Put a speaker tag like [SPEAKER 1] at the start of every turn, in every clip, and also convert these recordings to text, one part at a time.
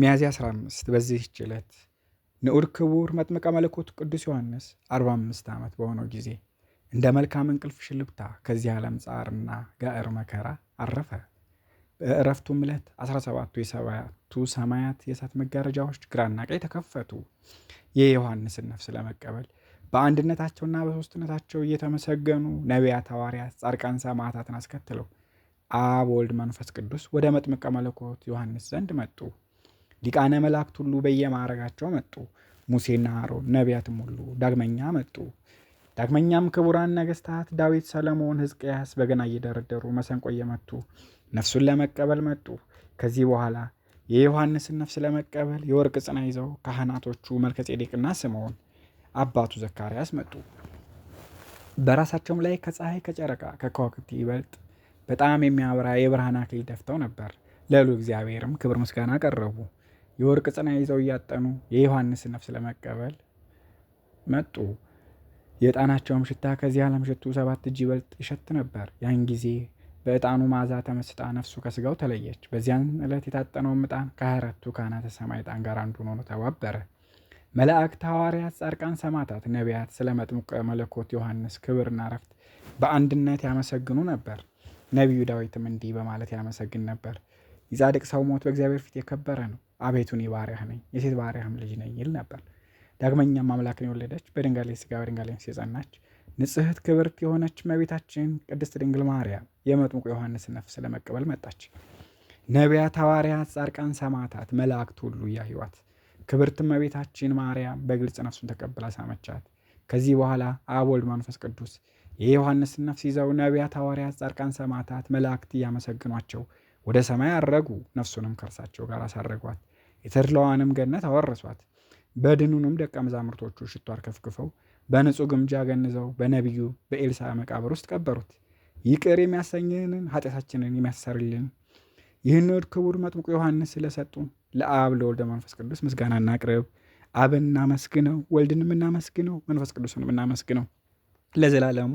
[SPEAKER 1] ሚያዝያ 15 በዚህ ዕለት ንዑድ ክቡር መጥምቀ መለኮት ቅዱስ ዮሐንስ 45 ዓመት በሆነው ጊዜ እንደ መልካም እንቅልፍ ሽልብታ ከዚህ ዓለም ጻርና ጋዕር መከራ አረፈ። በእረፍቱም ዕለት 17ቱ የሰባቱ ሰማያት የእሳት መጋረጃዎች ግራና ቀኝ ተከፈቱ። የዮሐንስን ነፍስ ለመቀበል በአንድነታቸውና በሦስትነታቸው እየተመሰገኑ ነቢያት፣ ሐዋርያት፣ ጻድቃን፣ ሰማዕታትን አስከትለው አብ፣ ወልድ፣ መንፈስ ቅዱስ ወደ መጥምቀ መለኮት ዮሐንስ ዘንድ መጡ። ሊቃነ መላእክት ሁሉ በየማዕረጋቸው መጡ። ሙሴና አሮን ነቢያትም ሁሉ ዳግመኛ መጡ። ዳግመኛም ክቡራን ነገስታት ዳዊት፣ ሰለሞን፣ ሕዝቅያስ በገና እየደረደሩ መሰንቆ እየመቱ ነፍሱን ለመቀበል መጡ። ከዚህ በኋላ የዮሐንስን ነፍስ ለመቀበል የወርቅ ጽና ይዘው ካህናቶቹ መልከጼዴቅና ስምዖን አባቱ ዘካርያስ መጡ። በራሳቸውም ላይ ከፀሐይ ከጨረቃ ከከዋክብት ይበልጥ በጣም የሚያበራ የብርሃን አክሊል ደፍተው ነበር። ለሉ እግዚአብሔርም ክብር ምስጋና ቀረቡ። የወርቅ ጽና ይዘው እያጠኑ የዮሐንስ ነፍስ ለመቀበል መጡ። የዕጣናቸውም ሽታ ከዚህ ዓለም ሽቱ ሰባት እጅ ይበልጥ ይሸት ነበር። ያን ጊዜ በዕጣኑ መዓዛ ተመስጣ ነፍሱ ከስጋው ተለየች። በዚያን ዕለት የታጠነውም ዕጣን ከአራቱ ካህናተ ሰማይ ዕጣን ጋር አንዱ ሆኖ ተባበረ። መላእክት፣ ሐዋርያት፣ ጻድቃን፣ ሰማዕታት፣ ነቢያት ስለ መጥምቀ መለኮት ዮሐንስ ክብርና ረፍት በአንድነት ያመሰግኑ ነበር። ነቢዩ ዳዊትም እንዲህ በማለት ያመሰግን ነበር፣ የጻድቅ ሰው ሞት በእግዚአብሔር ፊት የከበረ ነው አቤቱ እኔ ባሪያህ ነኝ የሴት ባሪያህም ልጅ ነኝ ይል ነበር። ዳግመኛም አምላክን የወለደች በድንጋሌ ስጋ በድንጋሌ ነፍስ የጸናች ንጽሕት ክብርት የሆነች እመቤታችን ቅድስት ድንግል ማርያም የመጥምቁ ዮሐንስ ነፍስ ለመቀበል መጣች። ነቢያት፣ ሐዋርያት፣ ጻድቃን፣ ሰማዕታት፣ መላእክት ሁሉ ያዩዋት። ክብርት እመቤታችን ማርያም በግልጽ ነፍሱን ተቀብላ ሳመቻት። ከዚህ በኋላ አብ ወልድ መንፈስ ቅዱስ የዮሐንስን ነፍስ ይዘው ነቢያት፣ ሐዋርያት፣ ጻድቃን፣ ሰማዕታት፣ መላእክት እያመሰግኗቸው ወደ ሰማይ አረጉ። ነፍሱንም ከእርሳቸው ጋር አሳረጓት። የተድላዋንም ገነት አወረሷት። በድኑንም ደቀ መዛሙርቶቹ ሽቶ አርከፍክፈው በንጹሕ ግምጃ ገንዘው በነቢዩ በኤልሳ መቃብር ውስጥ ቀበሩት። ይቅር የሚያሰኝንን ኃጢአታችንን የሚያሰርልን ይህን ክቡር መጥምቁ ዮሐንስ ስለሰጡ ለአብ ለወልደ መንፈስ ቅዱስ ምስጋና እናቅርብ። አብን እናመስግነው፣ ወልድን የምናመስግነው፣ መንፈስ ቅዱስን የምናመስግነው ለዘላለሙ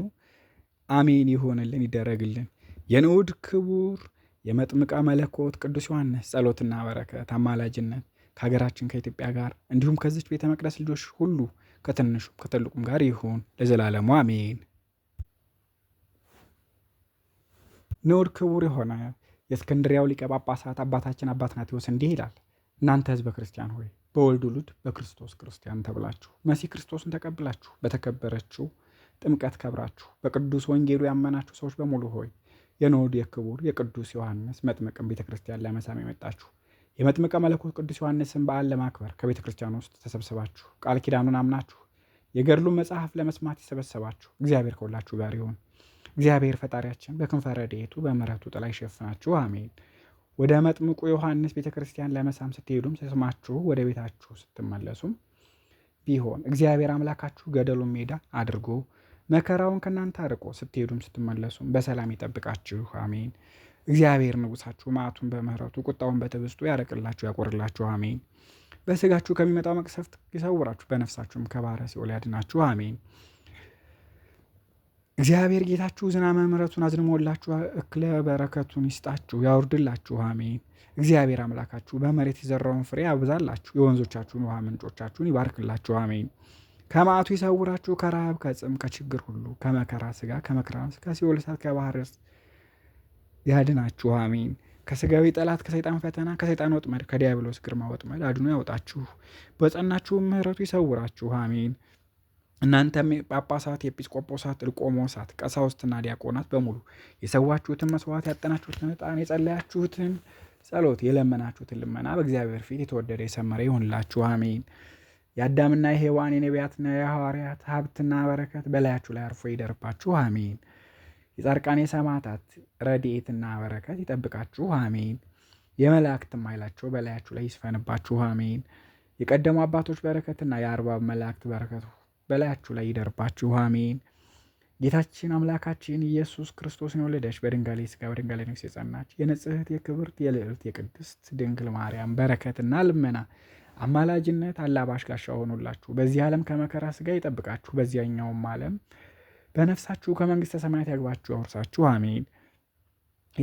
[SPEAKER 1] አሜን ይሆንልን ይደረግልን። የንዑድ ክቡር የመጥምቀ መለኮት ቅዱስ ዮሐንስ ጸሎትና በረከት አማላጅነት ከሀገራችን ከኢትዮጵያ ጋር እንዲሁም ከዚች ቤተ መቅደስ ልጆች ሁሉ ከትንሹም ከትልቁም ጋር ይሁን ለዘላለሙ አሜን። ንዑድ ክቡር የሆነ የእስክንድሪያው ሊቀ ጳጳሳት አባታችን አባ ትናቴዎስ እንዲህ ይላል። እናንተ ህዝበ ክርስቲያን ሆይ በወልድ ውሉድ በክርስቶስ ክርስቲያን ተብላችሁ መሲህ ክርስቶስን ተቀብላችሁ በተከበረችው ጥምቀት ከብራችሁ በቅዱስ ወንጌሉ ያመናችሁ ሰዎች በሙሉ ሆይ የኖድ የክቡር የቅዱስ ዮሐንስ መጥምቅን ቤተ ክርስቲያን ለመሳም የመጣችሁ የመጥምቀ መለኮት ቅዱስ ዮሐንስን በዓል ለማክበር ከቤተ ክርስቲያን ውስጥ ተሰብስባችሁ ቃል ኪዳኑን አምናችሁ የገድሉን መጽሐፍ ለመስማት የሰበሰባችሁ እግዚአብሔር ከሁላችሁ ጋር ይሁን። እግዚአብሔር ፈጣሪያችን በክንፈ ረድኤቱ በምሕረቱ ጥላ ይሸፍናችሁ፣ አሜን። ወደ መጥምቁ ዮሐንስ ቤተ ክርስቲያን ለመሳም ስትሄዱም ስማችሁ ወደ ቤታችሁ ስትመለሱም ቢሆን እግዚአብሔር አምላካችሁ ገደሉን ሜዳ አድርጎ መከራውን ከእናንተ አርቆ ስትሄዱም ስትመለሱም በሰላም ይጠብቃችሁ። አሜን። እግዚአብሔር ንጉሳችሁ መዓቱን በምሕረቱ ቁጣውን በትዕግስቱ ያረቅላችሁ ያቆርላችሁ። አሜን። በስጋችሁ ከሚመጣው መቅሰፍት ይሰውራችሁ፣ በነፍሳችሁም ከባረ ሲኦል ያድናችሁ። አሜን። እግዚአብሔር ጌታችሁ ዝናመ ምሕረቱን አዝንሞላችሁ እክለ በረከቱን ይስጣችሁ ያውርድላችሁ። አሜን። እግዚአብሔር አምላካችሁ በመሬት የዘራውን ፍሬ ያብዛላችሁ፣ የወንዞቻችሁን ውሃ ምንጮቻችሁን ይባርክላችሁ። አሜን። ከመዓቱ ይሰውራችሁ ከረሃብ ከጽም ከችግር ሁሉ ከመከራ ስጋ ከመከራ ስጋ ከሲኦል እሳት ከባህር ያድናችሁ አሜን። ከስጋዊ ጠላት ከሰይጣን ፈተና ከሰይጣን ወጥመድ ከዲያብሎስ ግርማ ወጥመድ አድኖ ያወጣችሁ በጸናችሁ ምህረቱ ይሰውራችሁ አሜን። እናንተም ጳጳሳት፣ ኤጲስቆጶሳት፣ ልቆሞሳት፣ ቀሳውስትና ዲያቆናት በሙሉ የሰዋችሁትን መስዋዕት ያጠናችሁትን ዕጣን የጸለያችሁትን ጸሎት የለመናችሁትን ልመና በእግዚአብሔር ፊት የተወደደ የሰመረ ይሆንላችሁ አሜን። የአዳምና የሔዋን የነቢያትና የሐዋርያት ሀብትና በረከት በላያችሁ ላይ አርፎ ይደርባችሁ፣ አሜን። የጻድቃን የሰማዕታት ረድኤትና በረከት ይጠብቃችሁ፣ አሜን። የመላእክትም ኃይላቸው በላያችሁ ላይ ይስፈንባችሁ፣ አሜን። የቀደሙ አባቶች በረከትና የአርባብ መላእክት በረከት በላያችሁ ላይ ይደርባችሁ፣ አሜን። ጌታችን አምላካችን ኢየሱስ ክርስቶስን የወለደች በድንጋሌ ሥጋ በድንጋሌ ነፍስ የጸናች የንጽሕት የክብርት የልዕልት የቅድስት ድንግል ማርያም በረከትና ልመና አማላጅነት አላባሽ ጋሻ ሆኖላችሁ በዚህ ዓለም ከመከራ ስጋ ይጠብቃችሁ በዚያኛውም ዓለም በነፍሳችሁ ከመንግሥተ ሰማያት ያግባችሁ ያውርሳችሁ። አሜን።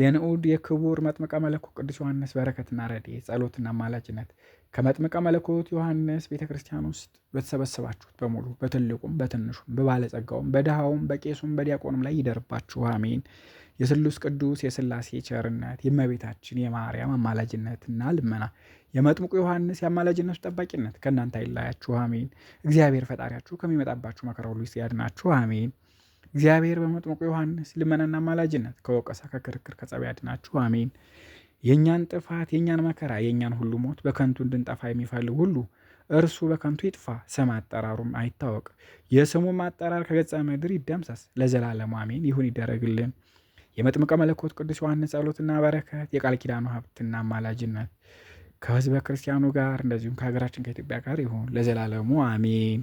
[SPEAKER 1] የንዑድ የክቡር መጥምቀ መለኮት ቅዱስ ዮሐንስ በረከትና ረድኤት ጸሎትና አማላጅነት ከመጥምቀ መለኮት ዮሐንስ ቤተ ክርስቲያን ውስጥ በተሰበሰባችሁት በሙሉ በትልቁም በትንሹም በባለጸጋውም በድሃውም በቄሱም በዲያቆንም ላይ ይደርባችሁ። አሜን። የስሉስ ቅዱስ የስላሴ ቸርነት የእመቤታችን የማርያም አማላጅነትና ልመና የመጥምቁ ዮሐንስ የአማላጅነቱ ጠባቂነት ከእናንተ አይለያችሁ፣ አሜን። እግዚአብሔር ፈጣሪያችሁ ከሚመጣባችሁ መከራ ሁሉ ያድናችሁ፣ አሜን። እግዚአብሔር በመጥምቁ ዮሐንስ ልመናና አማላጅነት ከወቀሳ ከክርክር ከጸብ ያድናችሁ፣ አሜን። የእኛን ጥፋት የእኛን መከራ የእኛን ሁሉ ሞት በከንቱ እንድንጠፋ የሚፈልግ ሁሉ እርሱ በከንቱ ይጥፋ፣ ስም አጠራሩም አይታወቅ፣ የስሙም አጠራር ከገጸ ምድር ይደምሰስ ለዘላለሙ አሜን። ይሁን ይደረግልን። የመጥምቀ መለኮት ቅዱስ ዮሐንስ ጸሎትና በረከት የቃል ኪዳኑ ሀብትና አማላጅነት ከህዝበ ክርስቲያኑ ጋር እንደዚሁም ከሀገራችን ከኢትዮጵያ ጋር ይሁን ለዘላለሙ አሜን።